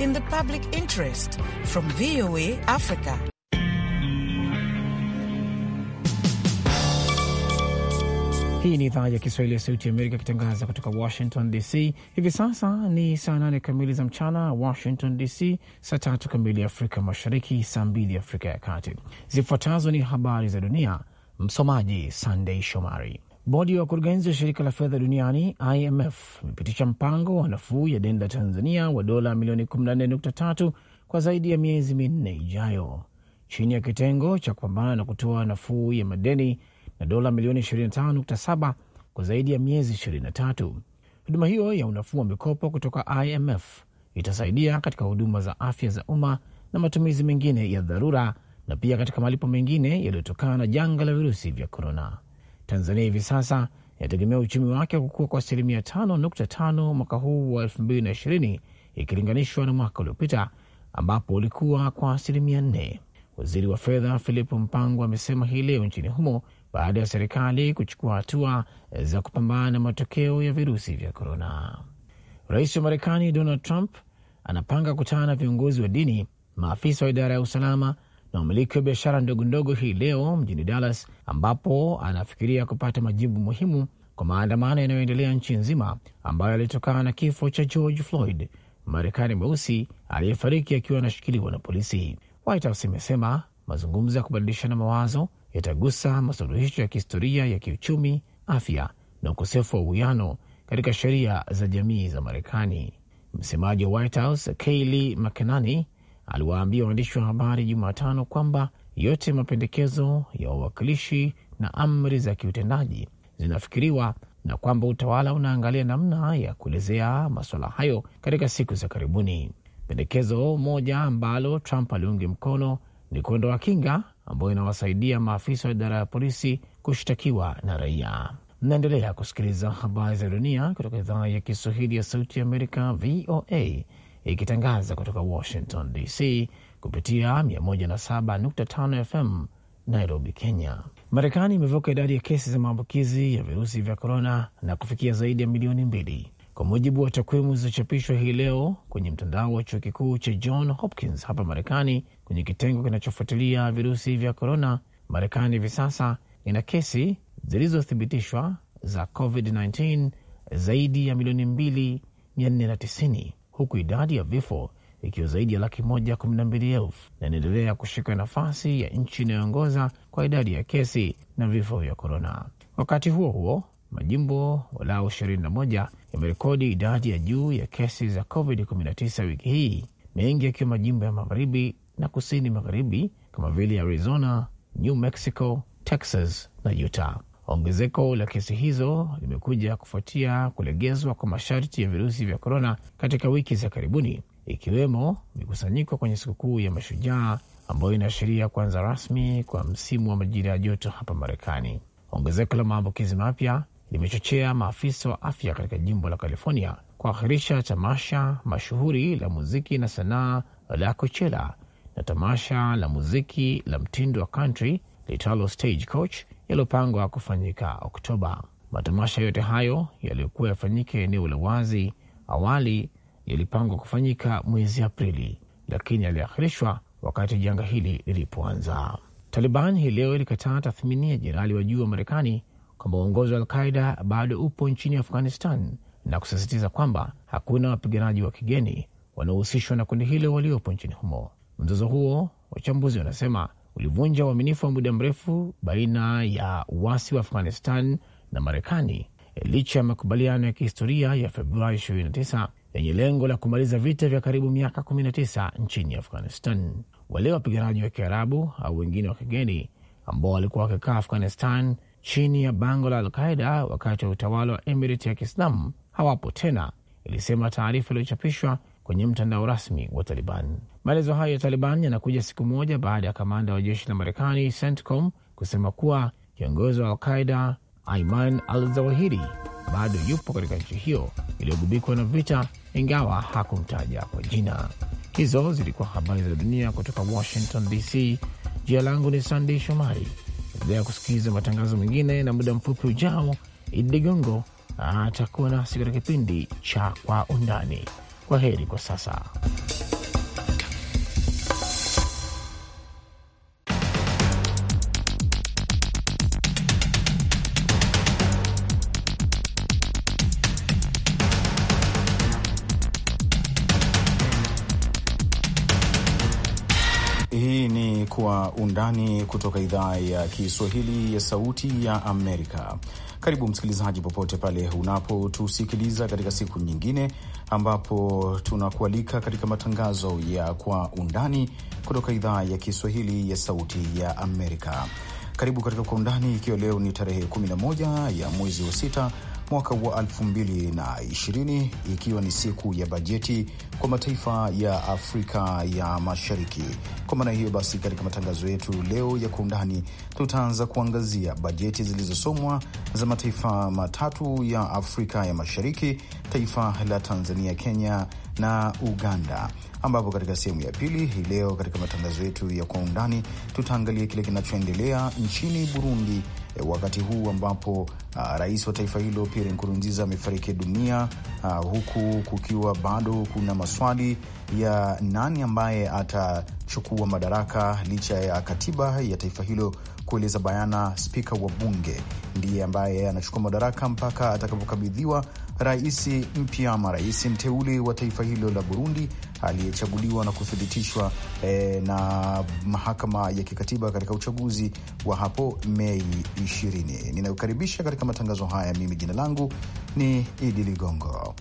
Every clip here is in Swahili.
in the public interest from VOA Africa. Hii ni idhaa ya Kiswahili ya Sauti ya Amerika ikitangaza kutoka Washington DC. Hivi sasa ni saa nane kamili za mchana Washington DC, saa tatu kamili Afrika Mashariki, saa mbili Afrika ya Kati. Zifuatazo ni habari za dunia, msomaji Sandei Shomari. Bodi ya wakurugenzi wa shirika la fedha duniani IMF imepitisha mpango wa nafuu ya deni la Tanzania wa dola milioni 14.3 kwa zaidi ya miezi minne ijayo chini ya kitengo cha kupambana na kutoa nafuu ya madeni na dola milioni 25.7 kwa zaidi ya miezi 23. Huduma hiyo ya unafuu wa mikopo kutoka IMF itasaidia katika huduma za afya za umma na matumizi mengine ya dharura na pia katika malipo mengine yaliyotokana na janga la virusi vya korona. Tanzania hivi sasa inategemea uchumi wake wa kukua kwa asilimia 5.5 mwaka huu wa 2020 ikilinganishwa na mwaka uliopita ambapo ulikuwa kwa asilimia 4. Waziri wa fedha Philip Mpango amesema hii leo nchini humo baada ya serikali kuchukua hatua za kupambana na matokeo ya virusi vya korona. Rais wa Marekani Donald Trump anapanga kutana na viongozi wa dini, maafisa wa idara ya usalama na umiliki wa biashara ndogo ndogo hii leo mjini Dallas, ambapo anafikiria kupata majibu muhimu kwa maandamano yanayoendelea nchi nzima ambayo yalitokana na kifo cha George Floyd, Marekani mweusi aliyefariki akiwa anashikiliwa na polisi. White House imesema mazungumzo ya kubadilishana mawazo yatagusa masuluhisho ya kihistoria ya kiuchumi, afya na ukosefu wa uwiano katika sheria za jamii za Marekani. Msemaji wa White House Kayleigh McEnany aliwaambia waandishi wa habari Jumatano kwamba yote mapendekezo ya wawakilishi na amri za kiutendaji zinafikiriwa na kwamba utawala unaangalia namna ya kuelezea masuala hayo katika siku za karibuni. Pendekezo moja ambalo Trump aliungi mkono ni kuondoa kinga ambayo inawasaidia maafisa wa idara ya polisi kushtakiwa na raia. Mnaendelea kusikiliza habari za dunia kutoka idhaa ya Kiswahili ya Sauti ya Amerika, VOA, ikitangaza kutoka Washington DC kupitia 107.5 FM Nairobi, Kenya. Marekani imevuka idadi ya kesi za maambukizi ya virusi vya korona na kufikia zaidi ya milioni mbili kwa mujibu wa takwimu zilizochapishwa hii leo kwenye mtandao wa chuo kikuu cha John Hopkins hapa Marekani, kwenye kitengo kinachofuatilia virusi vya korona. Marekani hivi sasa ina kesi zilizothibitishwa za COVID-19 zaidi ya milioni mbili mia nne na tisini huku idadi ya vifo ikiwa zaidi ya laki moja kumi na mbili elfu na inaendelea kushika nafasi ya nchi inayoongoza kwa idadi ya kesi na vifo vya korona. Wakati huo huo, majimbo walau 21 yamerekodi idadi ya juu ya kesi za COVID-19 wiki hii, mengi yakiwa majimbo ya magharibi na kusini magharibi kama vile Arizona, New Mexico, Texas na Utah. Ongezeko la kesi hizo limekuja kufuatia kulegezwa kwa masharti ya virusi vya korona katika wiki za karibuni, ikiwemo mikusanyiko kwenye sikukuu ya Mashujaa ambayo inaashiria kuanza rasmi kwa msimu wa majira ya joto hapa Marekani. Ongezeko la maambukizi mapya limechochea maafisa wa afya katika jimbo la California kuahirisha tamasha mashuhuri la muziki na sanaa la Coachella na tamasha la muziki la mtindo wa country litalo Coach yaliyopangwa kufanyika Oktoba. Matamasha yote hayo yaliyokuwa yafanyike eneo la wazi awali yalipangwa kufanyika mwezi Aprili, lakini yaliahirishwa wakati janga hili lilipoanza. Taliban hii leo ilikataa tathmini ya jenerali wa juu wa Marekani kwamba uongozi wa Alqaida bado upo nchini Afghanistan na kusisitiza kwamba hakuna wapiganaji wa kigeni wanaohusishwa na kundi hilo waliopo nchini humo. Mzozo huo, wachambuzi wanasema, ulivunja uaminifu wa muda mrefu baina ya uasi wa Afghanistan na Marekani licha ya makubaliano ya kihistoria ya Februari 29 yenye lengo la kumaliza vita vya karibu miaka 19 nchini Afghanistan. Wale wapiganaji wa Kiarabu au wengine wa kigeni ambao walikuwa wakikaa Afghanistan chini ya bango la Alqaida wakati wa utawala wa Emirati ya Kiislamu hawapo tena, ilisema taarifa iliyochapishwa kwenye mtandao rasmi wa Taliban. Maelezo hayo ya Taliban yanakuja siku moja baada ya kamanda wa jeshi la Marekani CENTCOM kusema kuwa kiongozi wa Alqaida Aiman al Zawahiri bado yupo katika nchi hiyo iliyogubikwa na vita, ingawa hakumtaja kwa jina. Hizo zilikuwa habari za dunia kutoka Washington DC. Jina langu ni Sandey Shomari. Endelea kusikiliza matangazo mengine, na muda mfupi ujao Idi Ligongo atakuwa nasi katika kipindi cha Kwa Undani. Kwa heri kwa sasa. Undani kutoka idhaa ya Kiswahili ya Sauti ya Amerika. Karibu msikilizaji, popote pale unapotusikiliza katika siku nyingine ambapo tunakualika katika matangazo ya Kwa Undani kutoka idhaa ya Kiswahili ya Sauti ya Amerika. Karibu katika Kwa Undani, ikiwa leo ni tarehe 11 ya mwezi wa sita mwaka wa 2020 ikiwa ni siku ya bajeti kwa mataifa ya Afrika ya Mashariki. Kwa maana hiyo basi, katika matangazo yetu leo ya Kwa Undani tutaanza kuangazia bajeti zilizosomwa za mataifa matatu ya Afrika ya Mashariki, taifa la Tanzania, Kenya na Uganda, ambapo katika sehemu ya pili hii leo katika matangazo yetu ya Kwa Undani tutaangalia kile kinachoendelea nchini Burundi Eh, wakati huu ambapo uh, rais wa taifa hilo Pierre Nkurunziza amefariki dunia uh, huku kukiwa bado kuna maswali ya nani ambaye atachukua madaraka licha ya katiba ya taifa hilo kueleza bayana spika wa bunge ndiye ambaye anachukua madaraka mpaka atakapokabidhiwa rais mpya ama rais mteule wa taifa hilo la Burundi aliyechaguliwa na kuthibitishwa e, na mahakama ya kikatiba katika uchaguzi wa hapo Mei 20. Ninayokaribisha katika matangazo haya, mimi jina langu ni Idi Ligongo.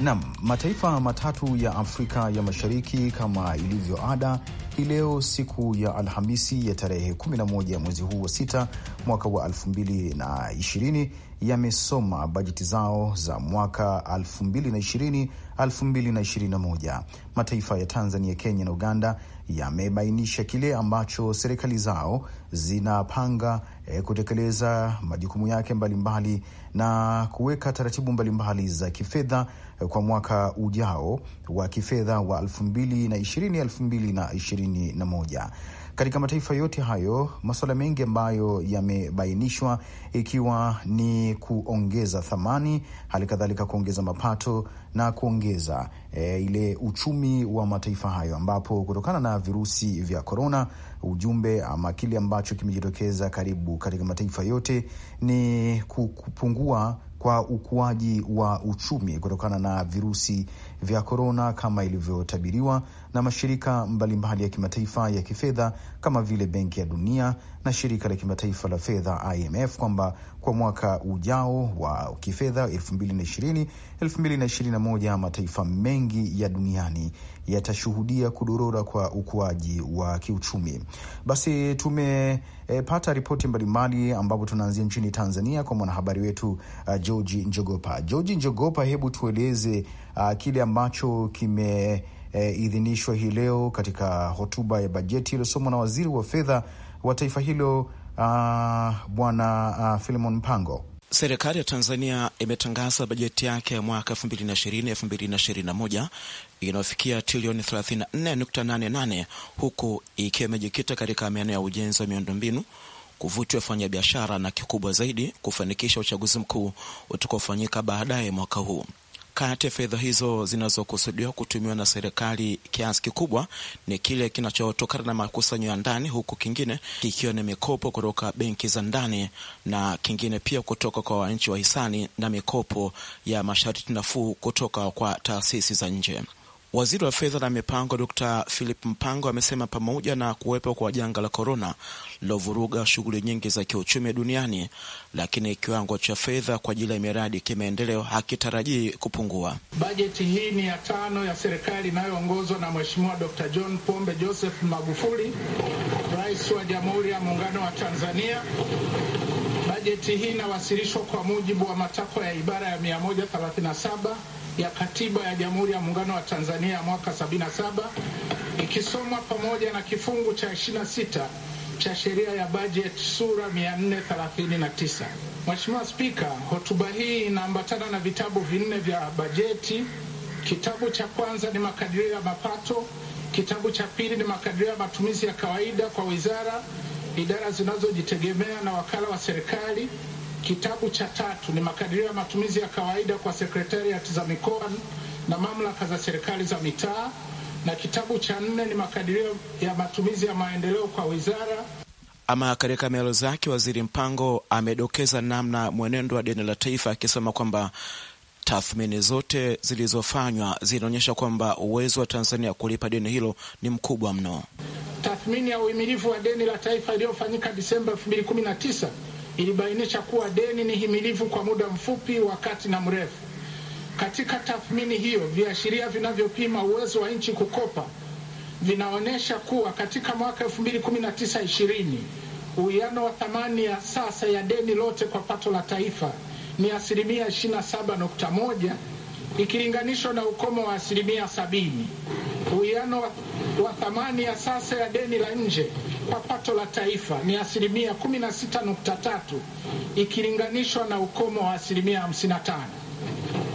Nam, mataifa matatu ya Afrika ya Mashariki kama ilivyo ada hii leo siku ya Alhamisi ya tarehe 11 ya mwezi huu wa sita mwaka wa 2020 yamesoma bajeti zao za mwaka 2020 2021. Mataifa ya Tanzania, Kenya na Uganda yamebainisha kile ambacho serikali zao zinapanga eh, kutekeleza majukumu yake mbalimbali mbali, na kuweka taratibu mbalimbali mbali za kifedha kwa mwaka ujao wa kifedha wa 2020-2021. Katika mataifa yote hayo, masuala mengi ambayo yamebainishwa ikiwa ni kuongeza thamani, hali kadhalika kuongeza mapato na kuongeza e, ile uchumi wa mataifa hayo, ambapo kutokana na virusi vya korona, ujumbe ama kile ambacho kimejitokeza karibu katika mataifa yote ni kupungua kwa ukuaji wa uchumi kutokana na virusi vya korona kama ilivyotabiriwa na mashirika mbalimbali ya kimataifa ya kifedha kama vile Benki ya Dunia na shirika la kimataifa la fedha IMF kwamba kwa mwaka ujao wa kifedha 2020 2021 mataifa mengi ya duniani yatashuhudia kudorora kwa ukuaji wa kiuchumi. Basi tumepata e, ripoti mbalimbali ambapo tunaanzia nchini Tanzania kwa mwanahabari wetu uh, Georgi Njogopa. Georgi Njogopa, hebu tueleze uh, kile ambacho kimeidhinishwa eh, hii leo katika hotuba ya bajeti iliyosomwa na waziri wa fedha wa taifa hilo uh, bwana uh, ah, Filemon Mpango. Serikali ya Tanzania imetangaza bajeti yake ya mwaka 2020 2021 inayofikia trilioni 34.88 huku ikiwa imejikita katika maeneo ya ujenzi wa miundombinu, kuvutia wafanyabiashara na kikubwa zaidi, kufanikisha uchaguzi mkuu utakaofanyika baadaye mwaka huu. Kati ya fedha hizo zinazokusudiwa kutumiwa na serikali, kiasi kikubwa ni kile kinachotokana na makusanyo ya ndani, huku kingine kikiwa ni mikopo kutoka benki za ndani na kingine pia kutoka kwa wananchi wa hisani na mikopo ya masharti nafuu kutoka kwa taasisi za nje. Waziri wa fedha na mipango Dr. Philip Mpango amesema pamoja na kuwepo kwa janga la korona lilovuruga shughuli nyingi za kiuchumi duniani, lakini kiwango cha fedha kwa ajili ya miradi kimaendeleo hakitarajii kupungua. Bajeti hii ni ya tano ya serikali inayoongozwa na Mheshimiwa Dr. John Pombe Joseph Magufuli, rais wa Jamhuri ya Muungano wa Tanzania. Bajeti hii inawasilishwa kwa mujibu wa matakwa ya ibara ya 137 ya Katiba ya Jamhuri ya Muungano wa Tanzania ya mwaka 77 ikisomwa pamoja na kifungu cha 26 cha sheria ya bajeti sura 439. Mheshimiwa Spika, hotuba hii inaambatana na vitabu vinne vya bajeti. Kitabu cha kwanza ni makadirio ya mapato, kitabu cha pili ni makadirio ya matumizi ya kawaida kwa wizara, idara zinazojitegemea na wakala wa serikali Kitabu cha tatu ni makadirio ya matumizi ya kawaida kwa sekretariat za mikoa na mamlaka za serikali za mitaa, na kitabu cha nne ni makadirio ya matumizi ya maendeleo kwa wizara. Ama katika maelezo zake, Waziri Mpango amedokeza namna mwenendo wa deni la taifa, akisema kwamba tathmini zote zilizofanywa zinaonyesha kwamba uwezo wa Tanzania kulipa deni hilo ni mkubwa mno. Tathmini ya uhimilivu wa deni la taifa iliyofanyika Disemba 2019 ilibainisha kuwa deni ni himilivu kwa muda mfupi, wakati na mrefu. Katika tathmini hiyo, viashiria vinavyopima uwezo wa nchi kukopa vinaonyesha kuwa katika mwaka 2019-20 uwiano wa thamani ya sasa ya deni lote kwa pato la taifa ni asilimia 27.1 ikilinganishwa na ukomo wa asilimia sabini. Uwiano wa thamani ya sasa ya deni la nje kwa pato la taifa ni asilimia 16.3 ikilinganishwa na ukomo wa asilimia 55,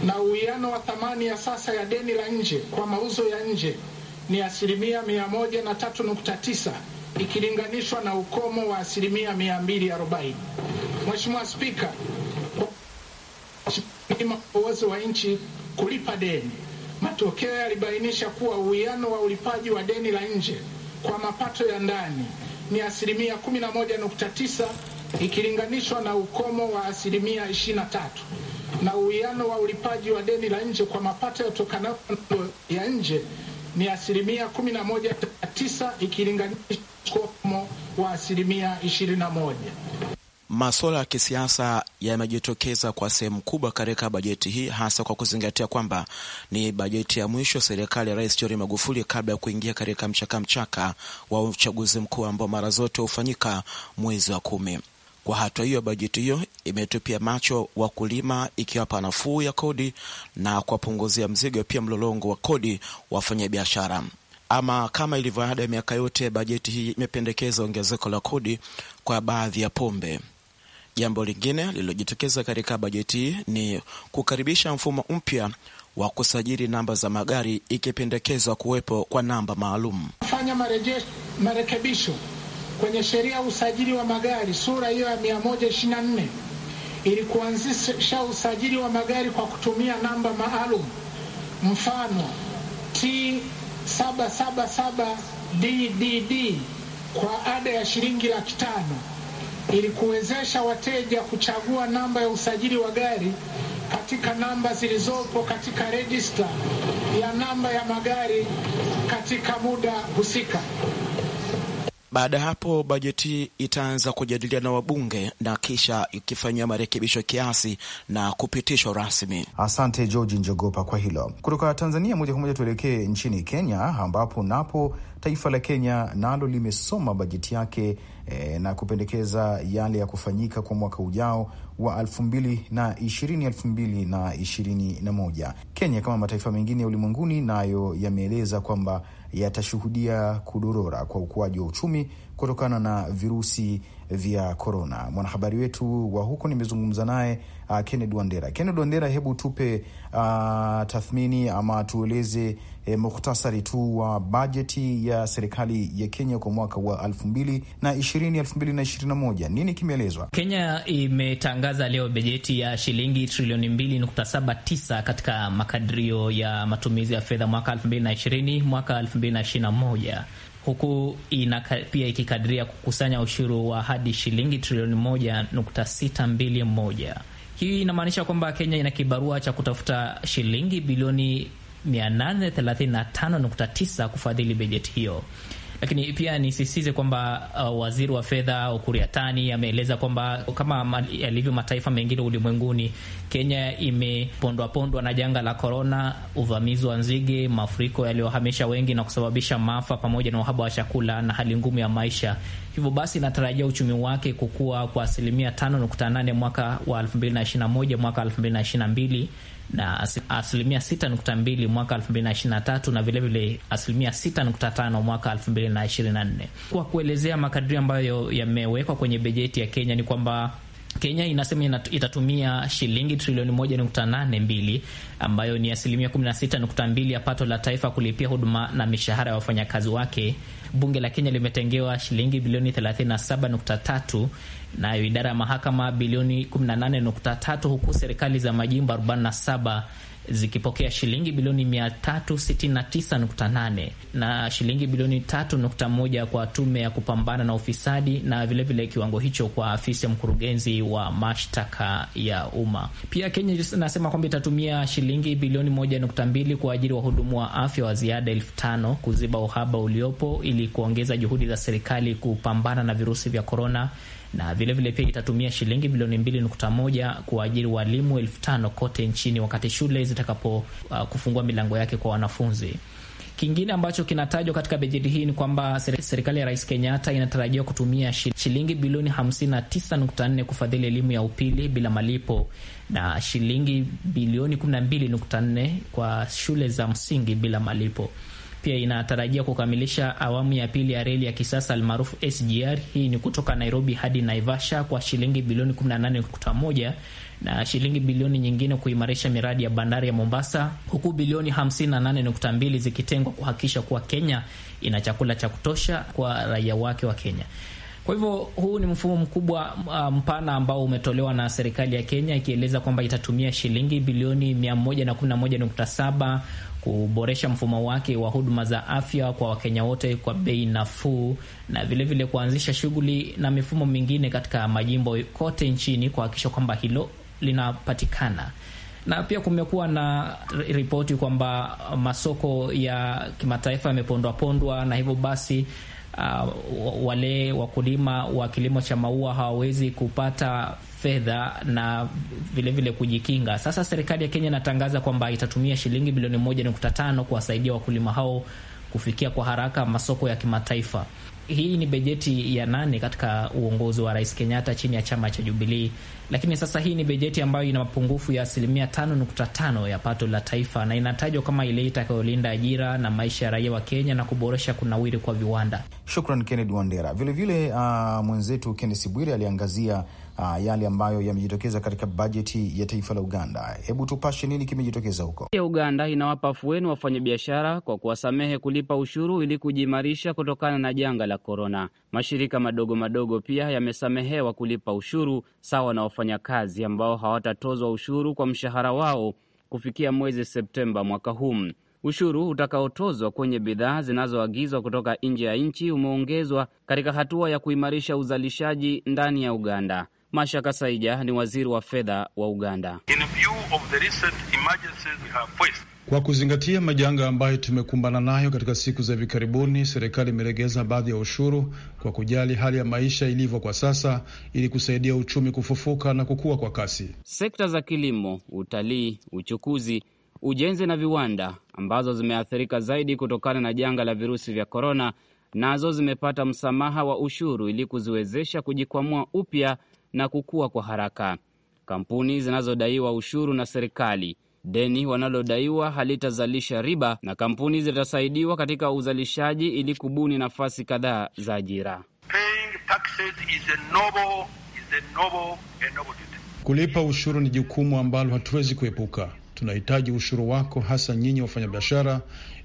na uwiano wa thamani ya sasa ya deni la nje kwa mauzo ya nje ni asilimia 103.9 ikilinganishwa na ukomo wa asilimia 240. Mheshimiwa Spika, uwezo wa nchi kulipa deni. Matokeo yalibainisha kuwa uwiano wa ulipaji wa deni la nje kwa mapato ya ndani ni asilimia 11.9 ikilinganishwa na ukomo wa asilimia 23, na uwiano wa ulipaji wa deni la nje kwa mapato yatokanayo ya nje ni asilimia 11.9 ikilinganishwa na ukomo wa asilimia 21. Masuala ya kisiasa yamejitokeza kwa sehemu kubwa katika bajeti hii, hasa kwa kuzingatia kwamba ni bajeti ya mwisho serikali ya Rais John Magufuli kabla ya kuingia katika mchakamchaka wa uchaguzi mkuu ambao mara zote hufanyika mwezi wa kumi. Kwa hatua hiyo, bajeti hiyo imetupia macho wakulima, ikiwapa nafuu ya kodi na kuwapunguzia mzigo pia mlolongo wa kodi wafanyabiashara. Ama kama ilivyo ada ya miaka yote, bajeti hii imependekeza ongezeko la kodi kwa baadhi ya pombe Jambo lingine lililojitokeza katika bajeti hii ni kukaribisha mfumo mpya wa kusajili namba za magari, ikipendekezwa kuwepo kwa namba maalum. Fanya marekebisho kwenye sheria ya usajili wa magari sura hiyo ya 124 ili kuanzisha usajili wa magari kwa kutumia namba maalum, mfano T777DDD kwa ada ya shilingi laki tano ili kuwezesha wateja kuchagua namba ya usajili wa gari katika namba zilizopo katika rejista ya namba ya magari katika muda husika. Baada ya hapo bajeti itaanza kujadiliwa na wabunge na kisha ikifanyiwa marekebisho kiasi na kupitishwa rasmi. Asante George Njogopa kwa hilo. Kutoka Tanzania moja kwa moja tuelekee nchini Kenya, ambapo napo taifa la Kenya nalo limesoma bajeti yake e, na kupendekeza yale ya kufanyika kwa mwaka ujao wa elfu mbili na ishirini elfu mbili na ishirini na moja. Kenya kama mataifa mengine ya ulimwenguni nayo yameeleza kwamba yatashuhudia kudorora kwa ukuaji wa uchumi kutokana na virusi vya korona. Mwanahabari wetu wa huko nimezungumza naye uh, Kennedy Wandera. Kennedy Wandera, hebu tupe uh, tathmini ama tueleze E, eh, muhtasari tu wa bajeti ya serikali ya Kenya kwa mwaka wa 2020 2021, nini kimeelezwa? Kenya imetangaza leo bajeti ya shilingi trilioni 2.79 katika makadirio ya matumizi ya fedha mwaka 2020 mwaka 2021 huku ina pia ikikadiria kukusanya ushuru wa hadi shilingi trilioni 1.621. Hii inamaanisha kwamba Kenya ina kibarua cha kutafuta shilingi bilioni 835.9 kufadhili bajeti hiyo. Lakini pia nisisitize kwamba uh, waziri wa fedha Ukur Yatani ameeleza kwamba kama yalivyo mataifa mengine ulimwenguni, Kenya imepondwapondwa na janga la korona, uvamizi wa nzige, mafuriko yaliyohamisha wengi na kusababisha maafa, pamoja na uhaba wa chakula na hali ngumu ya maisha. Hivyo basi inatarajia uchumi wake kukua kwa asilimia 5.8 mwaka wa 2021 mwaka 2022 na asilimia 6.2 mwaka 2023 na vilevile asilimia 6.5 mwaka 2024. Kwa kuelezea makadirio ambayo yamewekwa kwenye bajeti ya Kenya ni kwamba Kenya inasema itatumia shilingi trilioni 1.82 ambayo ni asilimia 16.2 ya pato la taifa kulipia huduma na mishahara ya wafanyakazi wake bunge la Kenya limetengewa shilingi bilioni 37.3 nayo idara ya mahakama bilioni 18.3 huku serikali za majimbo 47 zikipokea shilingi bilioni 369.8 na shilingi bilioni 3.1 kwa tume ya kupambana na ufisadi, na vilevile vile kiwango hicho kwa afisi ya mkurugenzi wa mashtaka ya umma. Pia Kenya inasema kwamba itatumia shilingi bilioni 1.2 kwa ajili wahudumu wa afya wa ziada elfu tano kuziba uhaba uliopo ili kuongeza juhudi za serikali kupambana na virusi vya korona na vilevile pia itatumia shilingi bilioni mbili nukta moja kuajiri walimu elfu tano kote nchini wakati shule zitakapo uh, kufungua milango yake kwa wanafunzi. Kingine ambacho kinatajwa katika bajeti hii ni kwamba serikali ya Rais Kenyatta inatarajiwa kutumia shilingi bilioni 59.4 kufadhili elimu ya upili bila malipo na shilingi bilioni 12.4 kwa shule za msingi bila malipo. Pia inatarajia kukamilisha awamu ya pili ya reli ya kisasa almaarufu SGR. Hii ni kutoka Nairobi hadi Naivasha kwa shilingi bilioni 18.1 na shilingi bilioni nyingine kuimarisha miradi ya bandari ya Mombasa, huku bilioni 58.2 zikitengwa kuhakikisha kuwa Kenya ina chakula cha kutosha kwa raia wake wa Kenya. Kwa hivyo huu ni mfumo mkubwa mpana ambao umetolewa na serikali ya Kenya ikieleza kwamba itatumia shilingi bilioni 111.7 kuboresha mfumo wake wa huduma za afya kwa Wakenya wote kwa bei nafuu, na vilevile vile kuanzisha shughuli na mifumo mingine katika majimbo kote nchini kuhakikisha kwamba hilo linapatikana na pia kumekuwa na ripoti kwamba masoko ya kimataifa yamepondwa pondwa, na hivyo basi uh, wale wakulima wa kilimo cha maua hawawezi kupata fedha na vilevile vile kujikinga. Sasa serikali ya Kenya inatangaza kwamba itatumia shilingi bilioni moja nukta tano kuwasaidia wakulima hao kufikia kwa haraka masoko ya kimataifa hii ni bajeti ya nane katika uongozi wa Rais Kenyatta chini ya chama cha Jubilii, lakini sasa hii ni bajeti ambayo ina mapungufu ya asilimia t nukta ya pato la taifa na inatajwa kama ile itakayolinda ajira na maisha ya raia wa Kenya na kuboresha kunawiri kwa viwanda. Shukran Kennedy Wandera. Vilevile uh, mwenzetu Kennesi Bwire aliangazia uh, yale ambayo yamejitokeza katika bajeti ya taifa la Uganda. Hebu tupashe, nini kimejitokeza huko? ya Uganda inawapa afueni wafanyabiashara kwa kuwasamehe kulipa ushuru ili kujiimarisha kutokana na janga la korona. Mashirika madogo madogo pia yamesamehewa kulipa ushuru sawa na wafanyakazi ambao hawatatozwa ushuru kwa mshahara wao kufikia mwezi Septemba mwaka huu. Ushuru utakaotozwa kwenye bidhaa zinazoagizwa kutoka nje ya nchi umeongezwa katika hatua ya kuimarisha uzalishaji ndani ya Uganda. Mashaka Saija ni waziri wa fedha wa Uganda. Kwa kuzingatia majanga ambayo tumekumbana nayo katika siku za hivi karibuni, serikali imelegeza baadhi ya ushuru kwa kujali hali ya maisha ilivyo kwa sasa, ili kusaidia uchumi kufufuka na kukua kwa kasi. Sekta za kilimo, utalii, uchukuzi, ujenzi na viwanda ambazo zimeathirika zaidi kutokana na janga la virusi vya korona, nazo zimepata msamaha wa ushuru ili kuziwezesha kujikwamua upya na kukua kwa haraka. Kampuni zinazodaiwa ushuru na serikali, deni wanalodaiwa halitazalisha riba, na kampuni zitasaidiwa katika uzalishaji ili kubuni nafasi kadhaa za ajira. Kulipa ushuru ni jukumu ambalo hatuwezi kuepuka. Tunahitaji ushuru wako, hasa nyinyi wafanyabiashara,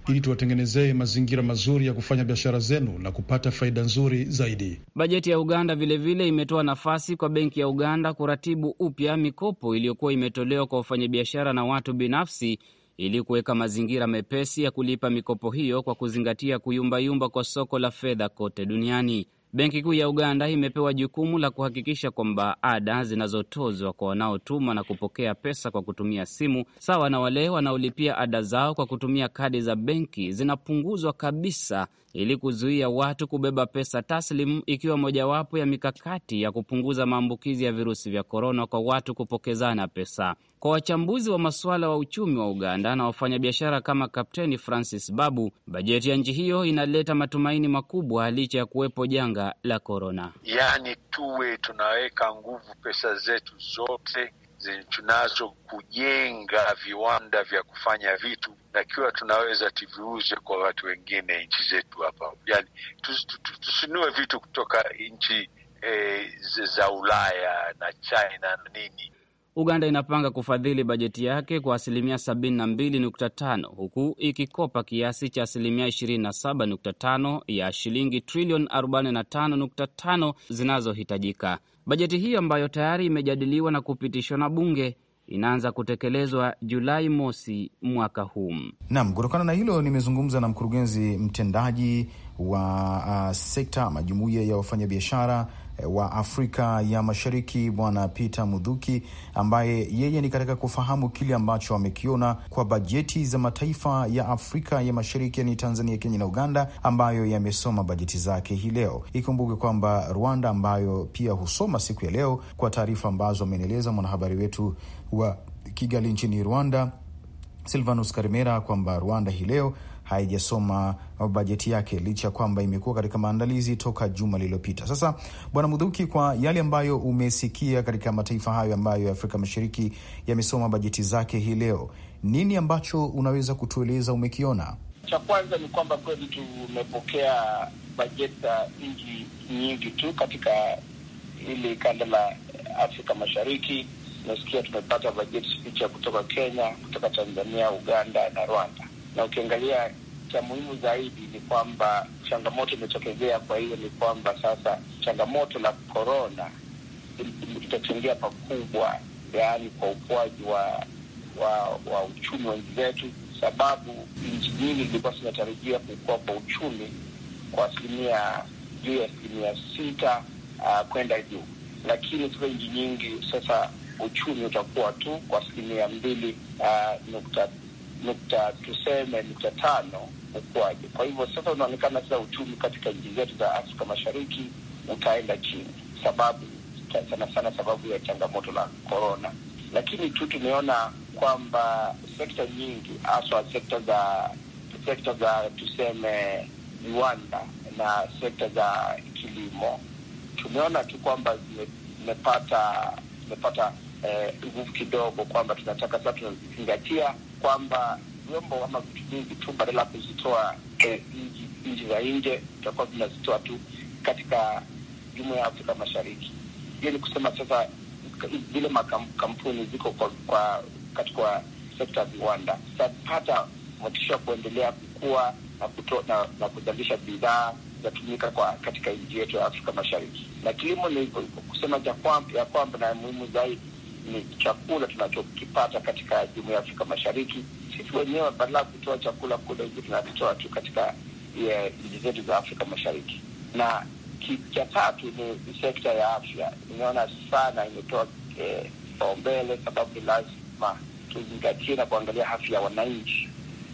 ili tuwatengenezee mazingira mazuri ya kufanya biashara zenu na kupata faida nzuri zaidi. Bajeti ya Uganda vilevile vile imetoa nafasi kwa Benki ya Uganda kuratibu upya mikopo iliyokuwa imetolewa kwa wafanyabiashara na watu binafsi ili kuweka mazingira mepesi ya kulipa mikopo hiyo kwa kuzingatia kuyumbayumba kwa soko la fedha kote duniani. Benki Kuu ya Uganda imepewa jukumu la kuhakikisha kwamba ada zinazotozwa kwa wanaotuma na kupokea pesa kwa kutumia simu, sawa na wale wanaolipia ada zao kwa kutumia kadi za benki, zinapunguzwa kabisa ili kuzuia watu kubeba pesa taslim, ikiwa mojawapo ya mikakati ya kupunguza maambukizi ya virusi vya korona kwa watu kupokezana pesa. Kwa wachambuzi wa masuala wa uchumi wa Uganda na wafanyabiashara kama Kapteni Francis Babu, bajeti ya nchi hiyo inaleta matumaini makubwa licha ya kuwepo janga la korona. Yaani tuwe tunaweka nguvu pesa zetu zote tunazo kujenga viwanda vya kufanya vitu, nakiwa tunaweza tuviuze kwa watu wengine nchi zetu hapa, yani tusinue vitu kutoka nchi e, za Ulaya na China na nini. Uganda inapanga kufadhili bajeti yake kwa asilimia sabini na mbili nukta tano huku ikikopa kiasi cha asilimia ishirini na saba nukta tano ya shilingi trilioni arobaini nukta tano zinazohitajika Bajeti hiyo ambayo tayari imejadiliwa na kupitishwa na bunge inaanza kutekelezwa Julai mosi mwaka huu. Naam, kutokana na hilo nimezungumza na mkurugenzi mtendaji wa uh, sekta ama ya wafanyabiashara Eh, wa Afrika ya Mashariki Bwana Peter Mudhuki, ambaye yeye ni katika kufahamu kile ambacho amekiona kwa bajeti za mataifa ya Afrika ya Mashariki, yani Tanzania, Kenya na Uganda, ambayo yamesoma bajeti zake hii leo. Ikumbuke kwamba Rwanda ambayo pia husoma siku ya leo, kwa taarifa ambazo amenieleza mwanahabari wetu wa Kigali nchini Rwanda Silvanus Karimera kwamba Rwanda hii leo haijasoma bajeti yake licha ya kwamba imekuwa katika maandalizi toka juma lililopita. Sasa Bwana Mudhuki, kwa yale ambayo umesikia katika mataifa hayo ambayo ya Afrika Mashariki yamesoma bajeti zake hii leo, nini ambacho unaweza kutueleza umekiona? Cha kwanza ni kwamba kweli tumepokea bajeti za nchi nyingi tu katika hili kanda la Afrika Mashariki. Nasikia tumepata bajeti picha kutoka Kenya, kutoka Tanzania, Uganda na Rwanda na ukiangalia cha muhimu zaidi ni kwamba changamoto imetokezea. Kwa hiyo ni kwamba sasa changamoto la korona itachangia pakubwa, yaani kwa ukuaji wa, wa wa uchumi wa nchi zetu, sababu nchi nyingi zilikuwa zinatarajia kukua kwa uchumi kwa asilimia juu ya asilimia sita uh, kwenda juu, lakini sasa nchi nyingi sasa uchumi utakuwa tu kwa asilimia mbili uh, nukta nukta tuseme nukta tano ukuaji. Kwa hivyo sasa unaonekana sasa uchumi katika nchi zetu za Afrika Mashariki utaenda chini, sababu sana sana sababu ya changamoto la korona, lakini tu tumeona kwamba sekta nyingi haswa sekta za sekta za tuseme viwanda na sekta za kilimo tumeona tu kwamba zimepata zimepata eh, nguvu eh, kidogo, kwamba tunataka sasa tunazingatia kwamba vyombo ama vitu vingi tu badala ya kuzitoa eh, nchi za nje tutakuwa vinazitoa tu katika jumuiya ya Afrika Mashariki. Hiyo ni kusema sasa vile makampuni ziko kwa, kwa katika sekta ya viwanda hata motisha ya kuendelea kukua na, na, na kuzalisha bidhaa zinatumika kwa katika nchi yetu ya Afrika Mashariki, na kilimo ni kusema ya kwamba na muhimu zaidi ni chakula tunachokipata katika jumuiya ya Afrika Mashariki. Sisi wenyewe badala ya kutoa chakula kule nje, tunakitoa tu katika eh, nchi zetu za Afrika Mashariki. Na cha tatu ni sekta ya afya, imeona sana imetoa eh, kipaumbele eh, sababu ni lazima tuzingatie na kuangalia afya ya wananchi,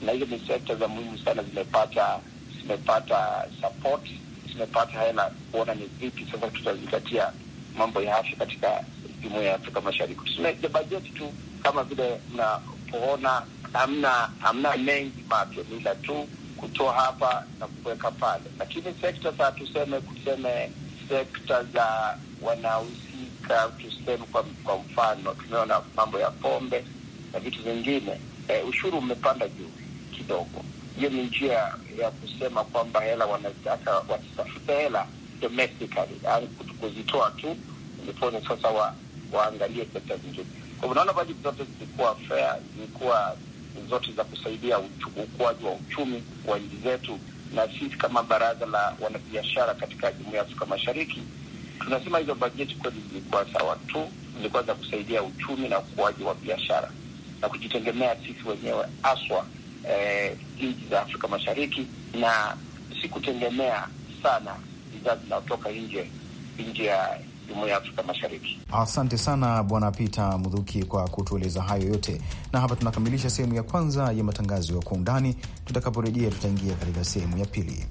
na hizo ni sekta za muhimu sana, zimepata zimepata support, zimepata hela kuona ni vipi sasa tutazingatia mambo ya afya katika jumuiya ya Afrika Mashariki. Tuna bajeti tu kama vile mnapoona, hamna hamna mengi mapya, ila tu kutoa hapa na kuweka pale, lakini sekta za tuseme kuseme sekta za wanahusika tuseme, kwa, kwa mfano tumeona mambo ya pombe na vitu vingine e, ushuru umepanda juu kidogo. Hiyo ni njia ya kusema kwamba hela wanataka watafute hela domestically, kuzitoa tu ndipo sasa wa waangalie sekta zingine. Kwa hivyo unaona bajeti zote zilikuwa fair, zilikuwa zote za kusaidia ukuaji wa uchumi wa nchi zetu, na sisi kama baraza la wanabiashara katika jumuiya ya Afrika Mashariki tunasema hizo bajeti kweli zilikuwa sawa tu, zilikuwa za kusaidia uchumi na ukuaji wa biashara na kujitegemea sisi wenyewe haswa eh, nchi za Afrika Mashariki, na si kutegemea sana bidhaa zinaotoka nje nje ya jumuiya ya Afrika Mashariki. Asante sana Bwana Peter Mudhuki kwa kutueleza hayo yote, na hapa tunakamilisha sehemu ya kwanza ya matangazo ya kwa undani. Tutakaporejea tutaingia katika sehemu ya pili.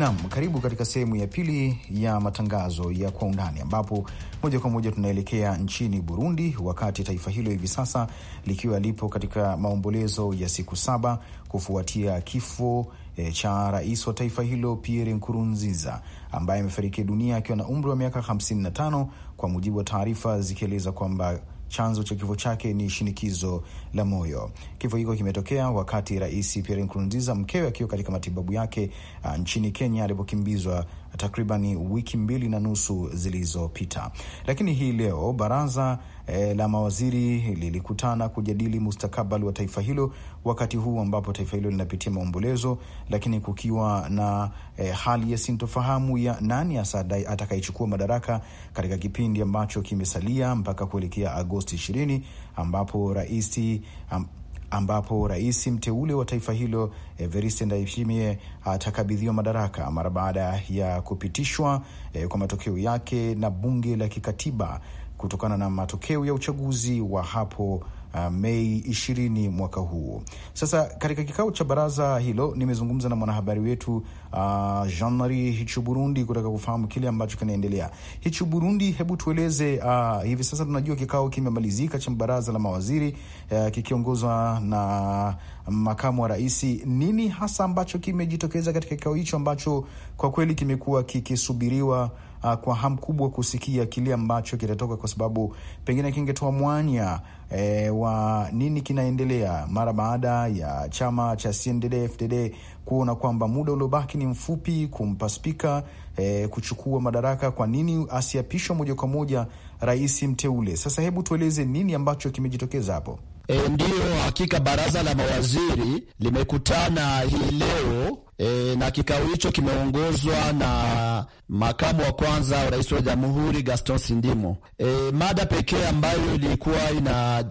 Naam, karibu katika sehemu ya pili ya matangazo ya kwa undani, ambapo moja kwa moja tunaelekea nchini Burundi, wakati taifa hilo hivi sasa likiwa lipo katika maombolezo ya siku saba kufuatia kifo e, cha rais wa taifa hilo Pierre Nkurunziza ambaye amefariki dunia akiwa na umri wa miaka 55 kwa mujibu wa taarifa zikieleza kwamba Chanzo cha kifo chake ni shinikizo la moyo. Kifo hicho kimetokea wakati Rais Pierre Nkurunziza mkewe akiwa katika matibabu yake uh, nchini Kenya alipokimbizwa takriban wiki mbili na nusu zilizopita. Lakini hii leo baraza e, la mawaziri lilikutana kujadili mustakabali wa taifa hilo, wakati huu ambapo taifa hilo linapitia maombolezo, lakini kukiwa na e, hali ya sintofahamu ya nani hasa atakayechukua madaraka katika kipindi ambacho kimesalia mpaka kuelekea Agosti ishirini ambapo raisi am, ambapo rais mteule wa taifa hilo Evariste Ndayishimiye atakabidhiwa madaraka mara baada ya kupitishwa e, kwa matokeo yake na bunge la kikatiba kutokana na matokeo ya uchaguzi wa hapo uh, Mei ishirini mwaka huu. Sasa katika kikao cha baraza hilo nimezungumza na mwanahabari wetu uh, Jean Marie Hichu Burundi kutaka kufahamu kile ambacho kinaendelea. Hichu Burundi, hebu tueleze uh, hivi sasa tunajua kikao kimemalizika cha baraza la mawaziri uh, kikiongozwa na makamu wa raisi. Nini hasa ambacho kimejitokeza katika kikao hicho ambacho kwa kweli kimekuwa kikisubiriwa uh, kwa hamu kubwa kusikia kile ambacho kitatoka, kwa sababu pengine kingetoa mwanya e, wa nini kinaendelea mara baada ya chama cha CNDD-FDD kuona kwamba muda uliobaki ni mfupi kumpa spika e, kuchukua madaraka. Kwa nini asiapishwa moja kwa moja rais mteule? Sasa hebu tueleze nini ambacho kimejitokeza hapo. E, ndiyo hakika baraza la mawaziri limekutana hii leo e, na kikao hicho kimeongozwa na makamu wa kwanza wa rais wa jamhuri Gaston Sindimo. E, mada pekee ambayo ilikuwa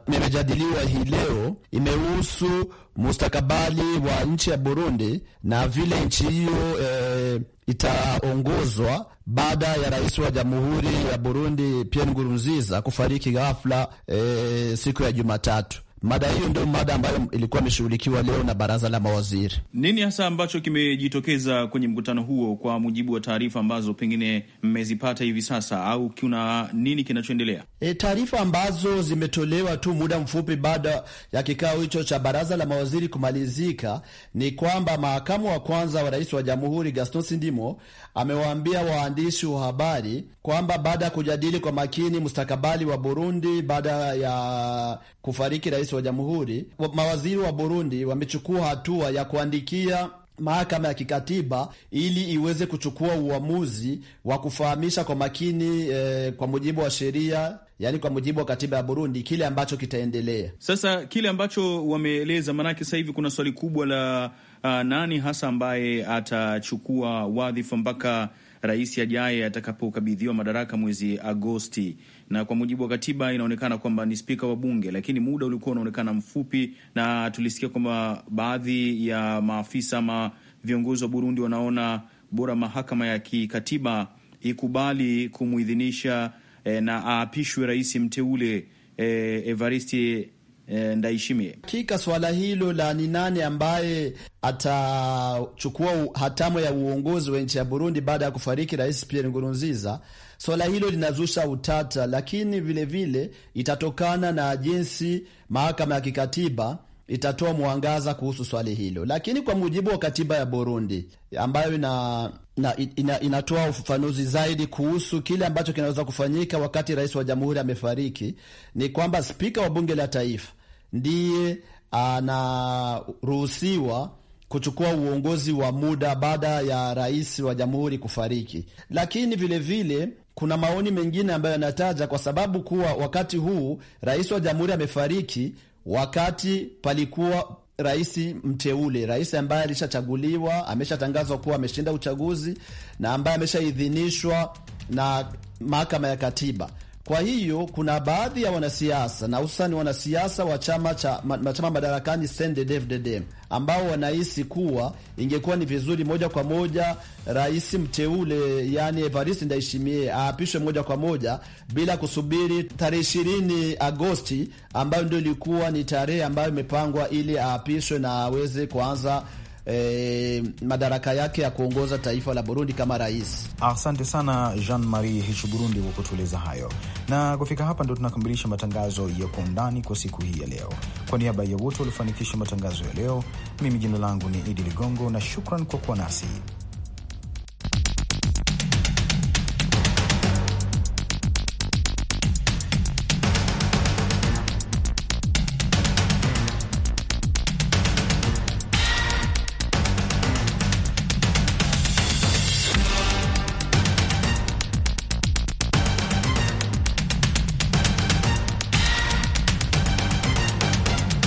imejadiliwa hii leo imehusu mustakabali wa nchi ya Burundi na vile nchi hiyo e, itaongozwa baada ya rais wa jamhuri ya Burundi Pierre Nkurunziza kufariki ghafla e, siku ya Jumatatu. Mada hiyo ndio mada ambayo ilikuwa imeshughulikiwa leo na baraza la mawaziri. Nini hasa ambacho kimejitokeza kwenye mkutano huo, kwa mujibu wa taarifa ambazo pengine mmezipata hivi sasa, au kuna nini kinachoendelea? E, taarifa ambazo zimetolewa tu muda mfupi baada ya kikao hicho cha baraza la mawaziri kumalizika ni kwamba makamu wa kwanza wa rais wa jamhuri Gaston Sindimo amewaambia waandishi wa habari kwamba baada ya kujadili kwa makini mustakabali wa Burundi baada ya kufariki rais rais wa jamhuri, mawaziri wa Burundi wamechukua hatua ya kuandikia mahakama ya kikatiba ili iweze kuchukua uamuzi wa kufahamisha kwa makini eh, kwa mujibu wa sheria yaani kwa mujibu wa katiba ya Burundi kile ambacho kitaendelea sasa, kile ambacho wameeleza. Maanake sasa hivi kuna swali kubwa la uh, nani hasa ambaye atachukua wadhifa mpaka rais ajaye atakapokabidhiwa madaraka mwezi Agosti na kwa mujibu wa katiba inaonekana kwamba ni spika wa bunge, lakini muda ulikuwa unaonekana mfupi, na tulisikia kwamba baadhi ya maafisa ama viongozi wa Burundi wanaona bora mahakama ya kikatiba ikubali kumwidhinisha eh, na aapishwe rais mteule eh, Evariste e, Ndaishimie. Hakika swala hilo la ni nani ambaye atachukua hatamu ya uongozi wa nchi ya Burundi baada ya kufariki Rais Pierre Nkurunziza, swala hilo linazusha utata, lakini vilevile vile itatokana na jinsi mahakama ya kikatiba itatoa mwangaza kuhusu swali hilo, lakini kwa mujibu wa katiba ya Burundi ambayo ina, ina, ina, inatoa ufafanuzi zaidi kuhusu kile ambacho kinaweza kufanyika wakati rais wa jamhuri amefariki, ni kwamba spika wa bunge la taifa ndiye anaruhusiwa kuchukua uongozi wa muda baada ya rais wa jamhuri kufariki. Lakini vilevile vile, kuna maoni mengine ambayo yanataja kwa sababu kuwa wakati huu rais wa jamhuri amefariki, wakati palikuwa rais mteule, rais ambaye alishachaguliwa, ameshatangazwa kuwa ameshinda uchaguzi na ambaye ameshaidhinishwa na mahakama ya katiba. Kwa hiyo kuna baadhi ya wanasiasa na hususani wanasiasa wa chama cha ma, chama madarakani CNDD-FDD ambao wanahisi kuwa ingekuwa ni vizuri moja kwa moja rais mteule yani Evariste Ndayishimiye aapishwe moja kwa moja bila kusubiri tarehe ishirini Agosti ambayo ndio ilikuwa ni tarehe ambayo imepangwa ili aapishwe na aweze kuanza eh, madaraka yake ya kuongoza taifa la Burundi kama rais. Asante sana Jean Marie Hichu Burundi kwa kutueleza hayo, na kufika hapa ndo tunakamilisha matangazo ya Kwa Undani kwa siku hii ya leo. Kwa niaba ya wote waliofanikisha matangazo ya leo, mimi jina langu ni Idi Ligongo na shukran kwa kuwa nasi.